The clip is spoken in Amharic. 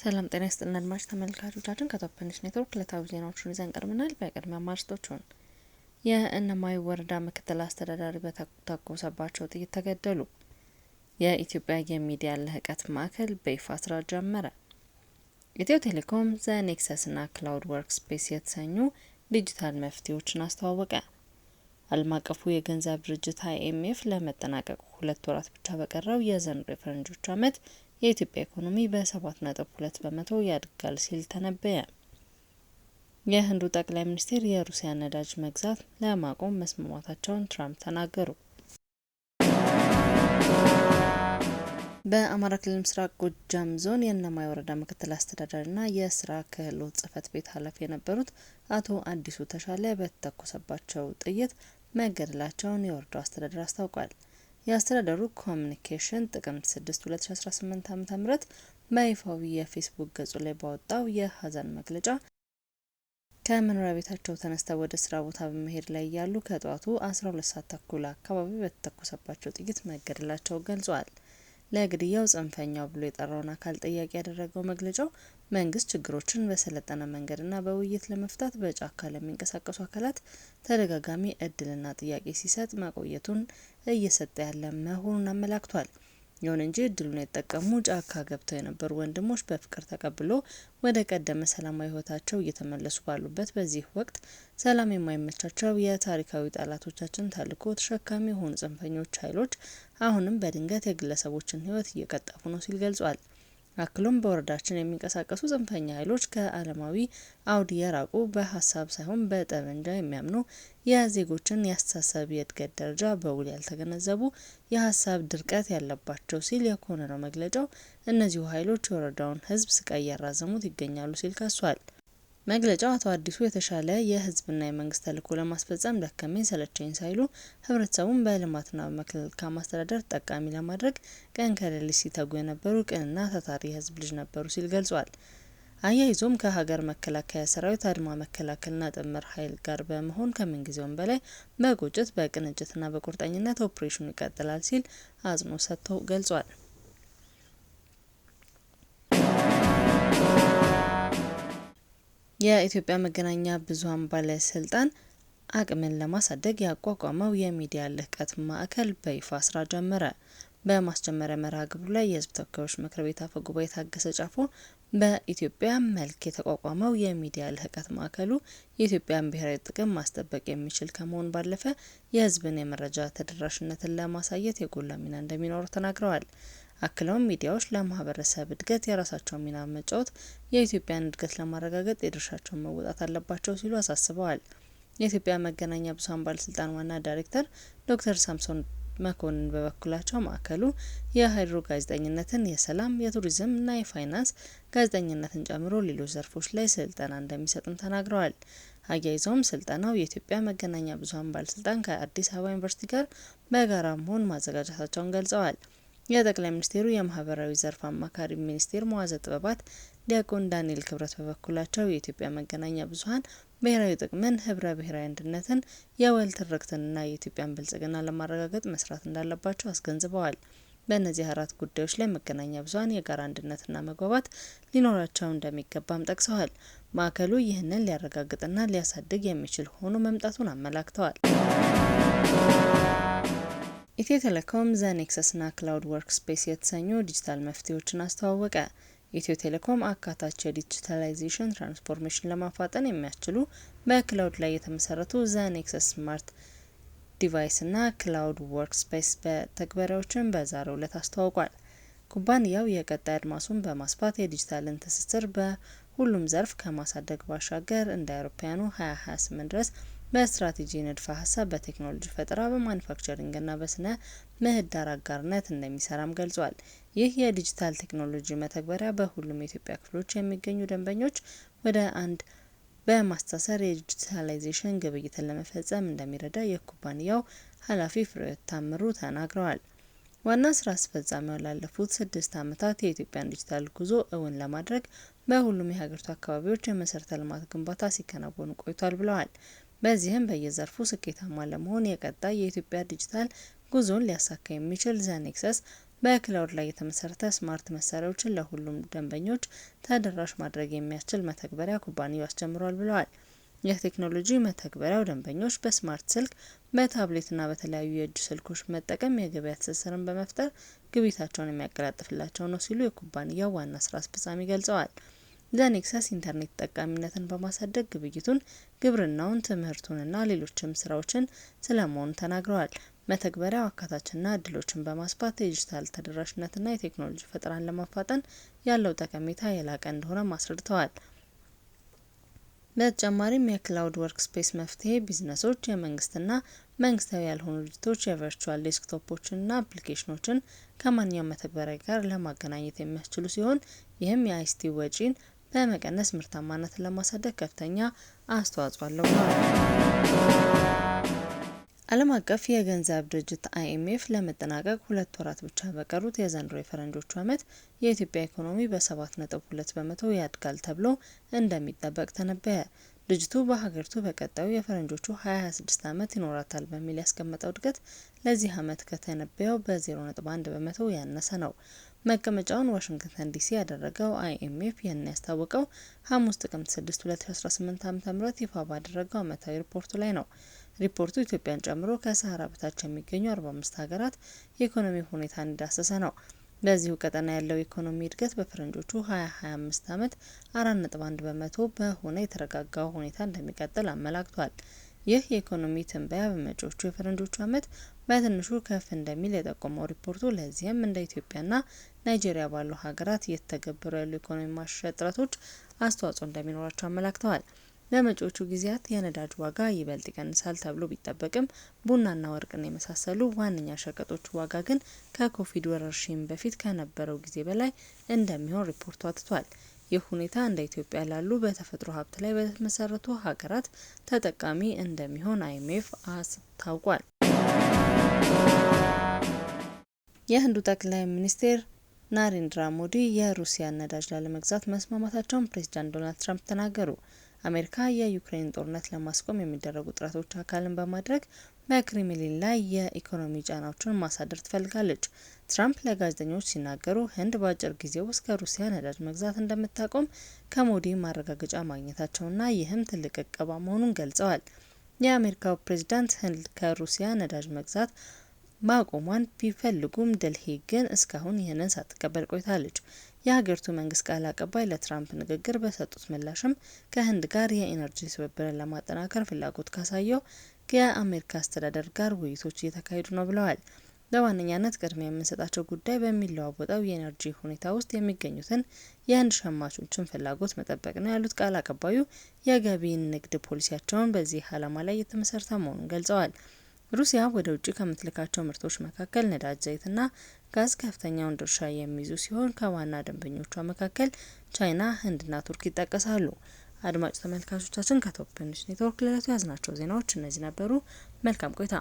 ሰላም ጤና ይስጥልን አድማጭ ተመልካቾቻችን ከቶፕ ኒውስ ኔትወርክ ዕለታዊ ዜናዎችን ይዘን ቀርበናል። በቅድሚያ ማርስቶቹን የእነማይ ወረዳ ምክትል አስተዳዳሪ በተተኮሰባቸው ጥይት ተገደሉ። የኢትዮጵያ የሚዲያ ልህቀት ማዕከል በይፋ ስራ ጀመረ። ኢትዮ ቴሌኮም ዘኔክሰስ ና ክላውድ ወርክ ስፔስ የተሰኙ ዲጂታል መፍትሄዎችን አስተዋወቀ። ዓለም አቀፉ የገንዘብ ድርጅት አይኤምኤፍ ለመጠናቀቁ ሁለት ወራት ብቻ በቀረው የዘንድሮ የፈረንጆች ዓመት የኢትዮጵያ ኢኮኖሚ በ7.2 በመቶ ያድጋል ሲል ተነበየ። የህንዱ ጠቅላይ ሚኒስትር የሩሲያ ነዳጅ መግዛት ለማቆም መስማማታቸውን ትራምፕ ተናገሩ። በአማራ ክልል ምስራቅ ጎጃም ዞን የእነማይ ወረዳ ምክትል አስተዳዳሪና የስራ ክህሎት ጽህፈት ቤት ኃላፊ የነበሩት አቶ አዲሱ ተሻለ በተተኮሰባቸው ጥይት መገደላቸውን የወረዳው አስተዳደር አስታውቋል። የአስተዳደሩ ኮሚኒኬሽን ጥቅምት 6 2018 ዓ.ም በይፋዊ የፌስቡክ ገጹ ላይ ባወጣው የሀዘን መግለጫ ከመኖሪያ ቤታቸው ተነስተው ወደ ስራ ቦታ በመሄድ ላይ እያሉ ከጠዋቱ 12 ሰዓት ተኩል አካባቢ በተተኮሰባቸው ጥይት መገደላቸው ገልጿል። ለግድያው ጽንፈኛው ብሎ የጠራውን አካል ጥያቄ ያደረገው መግለጫው መንግስት ችግሮችን በሰለጠነ መንገድና በውይይት ለመፍታት በጫካ ለሚንቀሳቀሱ አካላት ተደጋጋሚ እድልና ጥያቄ ሲሰጥ መቆየቱን እየሰጠ ያለ መሆኑን አመላክቷል። ይሁን እንጂ እድሉን የተጠቀሙ ጫካ ገብተው የነበሩ ወንድሞች በፍቅር ተቀብሎ ወደ ቀደመ ሰላማዊ ህይወታቸው እየተመለሱ ባሉበት በዚህ ወቅት ሰላም የማይመቻቸው የታሪካዊ ጠላቶቻችን ተልዕኮ ተሸካሚ የሆኑ ጽንፈኞች ኃይሎች አሁንም በድንገት የግለሰቦችን ህይወት እየቀጠፉ ነው ሲል ገልጿል። አክሎም በወረዳችን የሚንቀሳቀሱ ጽንፈኛ ኃይሎች ከዓለማዊ አውድ የራቁ በሀሳብ ሳይሆን በጠመንጃ የሚያምኑ የዜጎችን የአስተሳሰብ የእድገት ደረጃ በውል ያልተገነዘቡ የሀሳብ ድርቀት ያለባቸው ሲል የኮነነው መግለጫው እነዚሁ ኃይሎች የወረዳውን ሕዝብ ስቃይ እያራዘሙት ይገኛሉ ሲል ከሷል። መግለጫው አቶ አዲሱ የተሻለ የህዝብና የመንግስት ተልኮ ለማስፈጸም ደከመኝ ሰለቸኝ ሳይሉ ህብረተሰቡን በልማትና በመልካም አስተዳደር ተጠቃሚ ለማድረግ ቀን ከሌሊት ሲተጉ የነበሩ ቅንና ታታሪ የህዝብ ልጅ ነበሩ ሲል ገልጿል። አያይዞም ከሀገር መከላከያ ሰራዊት አድማ መከላከልና ጥምር ኃይል ጋር በመሆን ከምንጊዜውም በላይ በቁጭት በቅንጅትና በቁርጠኝነት ኦፕሬሽኑ ይቀጥላል ሲል አጽንዖት ሰጥቶ ገልጿል። የኢትዮጵያ መገናኛ ብዙሃን ባለስልጣን አቅምን ለማሳደግ ያቋቋመው የሚዲያ ልህቀት ማዕከል በይፋ ስራ ጀመረ። በማስጀመሪያ መርሃ ግብሩ ላይ የህዝብ ተወካዮች ምክር ቤት አፈ ጉባኤ ታገሰ ጫፎ በኢትዮጵያ መልክ የተቋቋመው የሚዲያ ልህቀት ማዕከሉ የኢትዮጵያን ብሔራዊ ጥቅም ማስጠበቅ የሚችል ከመሆን ባለፈ የህዝብን የመረጃ ተደራሽነትን ለማሳየት የጎላ ሚና እንደሚኖረው ተናግረዋል። አክለውም ሚዲያዎች ለማህበረሰብ እድገት የራሳቸውን ሚና መጫወት የኢትዮጵያን እድገት ለማረጋገጥ የድርሻቸውን መወጣት አለባቸው ሲሉ አሳስበዋል። የኢትዮጵያ መገናኛ ብዙሀን ባለስልጣን ዋና ዳይሬክተር ዶክተር ሳምሶን መኮንን በበኩላቸው ማዕከሉ የሀይድሮ ጋዜጠኝነትን፣ የሰላም፣ የቱሪዝም እና የፋይናንስ ጋዜጠኝነትን ጨምሮ ሌሎች ዘርፎች ላይ ስልጠና እንደሚሰጥም ተናግረዋል። አያይዘውም ስልጠናው የኢትዮጵያ መገናኛ ብዙኃን ባለስልጣን ከአዲስ አበባ ዩኒቨርሲቲ ጋር በጋራ መሆን ማዘጋጀታቸውን ገልጸዋል። የጠቅላይ ሚኒስትሩ የማህበራዊ ዘርፍ አማካሪ ሚኒስትር መዋዘ ጥበባት ዲያቆን ዳንኤል ክብረት በበኩላቸው የኢትዮጵያ መገናኛ ብዙሀን ብሔራዊ ጥቅምን፣ ህብረ ብሔራዊ አንድነትን፣ የወል ትርክትንና የኢትዮጵያን ብልጽግና ለማረጋገጥ መስራት እንዳለባቸው አስገንዝበዋል። በእነዚህ አራት ጉዳዮች ላይ መገናኛ ብዙሀን የጋራ አንድነትና መግባባት ሊኖራቸው እንደሚገባም ጠቅሰዋል። ማዕከሉ ይህንን ሊያረጋግጥና ሊያሳድግ የሚችል ሆኖ መምጣቱን አመላክተዋል። ኢትዮ ቴሌኮም ና ክላውድ ወርክ ስፔስ የተሰኙ ዲጂታል መፍትሄዎችን አስተዋወቀ። ኢትዮ ቴሌኮም አካታች የዲጂታላይዜሽን ትራንስፎርሜሽን ለማፋጠን የሚያስችሉ በክላውድ ላይ የተመሰረቱ ዘኔክሰስ ስማርት ዲቫይስ ና ክላውድ ወርክ ስፔስ በተግበሪያዎችን በዛሬው ዕለት አስተዋውቋል። ኩባንያው የቀጣይ አድማሱን በማስፋት የዲጂታልን ትስስር በሁሉም ዘርፍ ከማሳደግ ባሻገር እንደ አውሮፓውያኑ 2028 ድረስ በስትራቴጂ ንድፈ ሀሳብ፣ በቴክኖሎጂ ፈጠራ፣ በማኒፋክቸሪንግ እና በስነ ምህዳር አጋርነት እንደሚሰራም ገልጿል። ይህ የዲጂታል ቴክኖሎጂ መተግበሪያ በሁሉም የኢትዮጵያ ክፍሎች የሚገኙ ደንበኞች ወደ አንድ በማስተሳሰር የዲጂታላይዜሽን ግብይትን ለመፈጸም እንደሚረዳ የኩባንያው ኃላፊ ፍሬሕይወት ታምሩ ተናግረዋል። ዋና ስራ አስፈጻሚው ላለፉት ስድስት ዓመታት የኢትዮጵያን ዲጂታል ጉዞ እውን ለማድረግ በሁሉም የሀገሪቱ አካባቢዎች የመሰረተ ልማት ግንባታ ሲከናወኑ ቆይቷል ብለዋል። በዚህም በየዘርፉ ስኬታማ ለመሆን የቀጣይ የኢትዮጵያ ዲጂታል ጉዞን ሊያሳካ የሚችል ዘኔክሰስ በክላውድ ላይ የተመሰረተ ስማርት መሳሪያዎችን ለሁሉም ደንበኞች ተደራሽ ማድረግ የሚያስችል መተግበሪያ ኩባንያው አስጀምሯል ብለዋል። የቴክኖሎጂ መተግበሪያው ደንበኞች በስማርት ስልክ፣ በታብሌትና በተለያዩ የእጅ ስልኮች መጠቀም የገበያ ትስስርን በመፍጠር ግብይታቸውን የሚያቀላጥፍላቸው ነው ሲሉ የኩባንያው ዋና ስራ አስፈጻሚ ገልጸዋል። ዘኔክሰስ ኢንተርኔት ተጠቃሚነትን በማሳደግ ግብይቱን፣ ግብርናውን፣ ትምህርቱንና ሌሎችም ስራዎችን ስለመሆኑ ተናግረዋል። መተግበሪያው አካታችና እድሎችን በማስፋት የዲጂታል ተደራሽነትና የቴክኖሎጂ ፈጠራን ለማፋጠን ያለው ጠቀሜታ የላቀ እንደሆነ አስረድተዋል። በተጨማሪም የክላውድ ወርክስፔስ መፍትሄ ቢዝነሶች፣ የመንግስትና መንግስታዊ ያልሆኑ ድርጅቶች የቨርቹዋል ዴስክቶፖችንና አፕሊኬሽኖችን ከማንኛውም መተግበሪያ ጋር ለማገናኘት የሚያስችሉ ሲሆን ይህም የአይሲቲ ወጪን በመቀነስ ምርታማነትን ለማሳደግ ከፍተኛ አስተዋጽኦ አለው ዓለም አቀፍ የገንዘብ ድርጅት አይኤምኤፍ ለመጠናቀቅ ሁለት ወራት ብቻ በቀሩት የዘንድሮ የፈረንጆቹ ዓመት የኢትዮጵያ ኢኮኖሚ በሰባት ነጥብ ሁለት በመቶ ያድጋል ተብሎ እንደሚጠበቅ ተነበየ። ድርጅቱ በሀገሪቱ በቀጣዩ የፈረንጆቹ 2026 ዓመት ይኖራታል በሚል ያስቀመጠው እድገት ለዚህ ዓመት ከተነበየው በ0.1 በመቶ ያነሰ ነው። መቀመጫውን ዋሽንግተን ዲሲ ያደረገው አይኤምኤፍ ይህን ያስታወቀው ሐሙስ ጥቅምት 6 2018 ዓ.ም ይፋ ባደረገው ዓመታዊ ሪፖርቱ ላይ ነው። ሪፖርቱ ኢትዮጵያን ጨምሮ ከሰሃራ በታች የሚገኙ 45 ሀገራት የኢኮኖሚ ሁኔታ እንዳሰሰ ነው። በዚሁ ቀጠና ያለው የኢኮኖሚ እድገት በፈረንጆቹ 2025 ዓመት 4.1 በመቶ በሆነ የተረጋጋ ሁኔታ እንደሚቀጥል አመላክቷል። ይህ የኢኮኖሚ ትንበያ በመጪዎቹ የፈረንጆቹ ዓመት በትንሹ ከፍ እንደሚል የጠቆመው ሪፖርቱ፣ ለዚህም እንደ ኢትዮጵያና ናይጄሪያ ባሉ ሀገራት የተገበሩ ያሉ ኢኮኖሚ ማሻሻያ ጥረቶች አስተዋጽኦ እንደሚኖራቸው አመላክተዋል። ለመጪዎቹ ጊዜያት የነዳጅ ዋጋ ይበልጥ ይቀንሳል ተብሎ ቢጠበቅም፣ ቡናና ወርቅን የመሳሰሉ ዋነኛ ሸቀጦች ዋጋ ግን ከኮቪድ ወረርሽኝ በፊት ከነበረው ጊዜ በላይ እንደሚሆን ሪፖርቱ አትቷል። ይህ ሁኔታ እንደ ኢትዮጵያ ላሉ በተፈጥሮ ሀብት ላይ በተመሰረቱ ሀገራት ተጠቃሚ እንደሚሆን አይኤምኤፍ አስታውቋል። የህንዱ ጠቅላይ ሚኒስቴር ናሬንድራ ሞዲ የሩሲያ ነዳጅ ላለመግዛት መስማማታቸውን ፕሬዚዳንት ዶናልድ ትራምፕ ተናገሩ። አሜሪካ የዩክሬን ጦርነት ለማስቆም የሚደረጉ ጥረቶች አካልን በማድረግ በክሬምሊን ላይ የኢኮኖሚ ጫናዎችን ማሳደር ትፈልጋለች። ትራምፕ ለጋዜጠኞች ሲናገሩ ህንድ በአጭር ጊዜ ውስጥ ከሩሲያ ነዳጅ መግዛት እንደምታቆም ከሞዲ ማረጋገጫ ማግኘታቸውና ይህም ትልቅ እቀባ መሆኑን ገልጸዋል። የአሜሪካው ፕሬዝዳንት ህንድ ከሩሲያ ነዳጅ መግዛት ማቆሟን ቢፈልጉም ደልሂ ግን እስካሁን ይህንን ሳትቀበል ቆይታለች። የሀገሪቱ መንግስት ቃል አቀባይ ለትራምፕ ንግግር በሰጡት ምላሽም ከህንድ ጋር የኢነርጂ ትብብርን ለማጠናከር ፍላጎት ካሳየው ከአሜሪካ አስተዳደር ጋር ውይይቶች እየተካሄዱ ነው ብለዋል። በዋነኛነት ቅድሚያ የምንሰጣቸው ጉዳይ በሚለዋወጠው የኢነርጂ ሁኔታ ውስጥ የሚገኙትን የህንድ ሸማቾችን ፍላጎት መጠበቅ ነው ያሉት ቃል አቀባዩ የገቢ ንግድ ፖሊሲያቸውን በዚህ ዓላማ ላይ የተመሰረተ መሆኑን ገልጸዋል። ሩሲያ ወደ ውጭ ከምትልካቸው ምርቶች መካከል ነዳጅ፣ ዘይትና ጋዝ ከፍተኛውን ድርሻ የሚይዙ ሲሆን ከዋና ደንበኞቿ መካከል ቻይና፣ ህንድና ቱርክ ይጠቀሳሉ። አድማጭ ተመልካቾቻችን ከቶፕ ኒውስ ኔትወርክ ለለቱ ያዝናቸው ዜናዎች እነዚህ ነበሩ። መልካም ቆይታ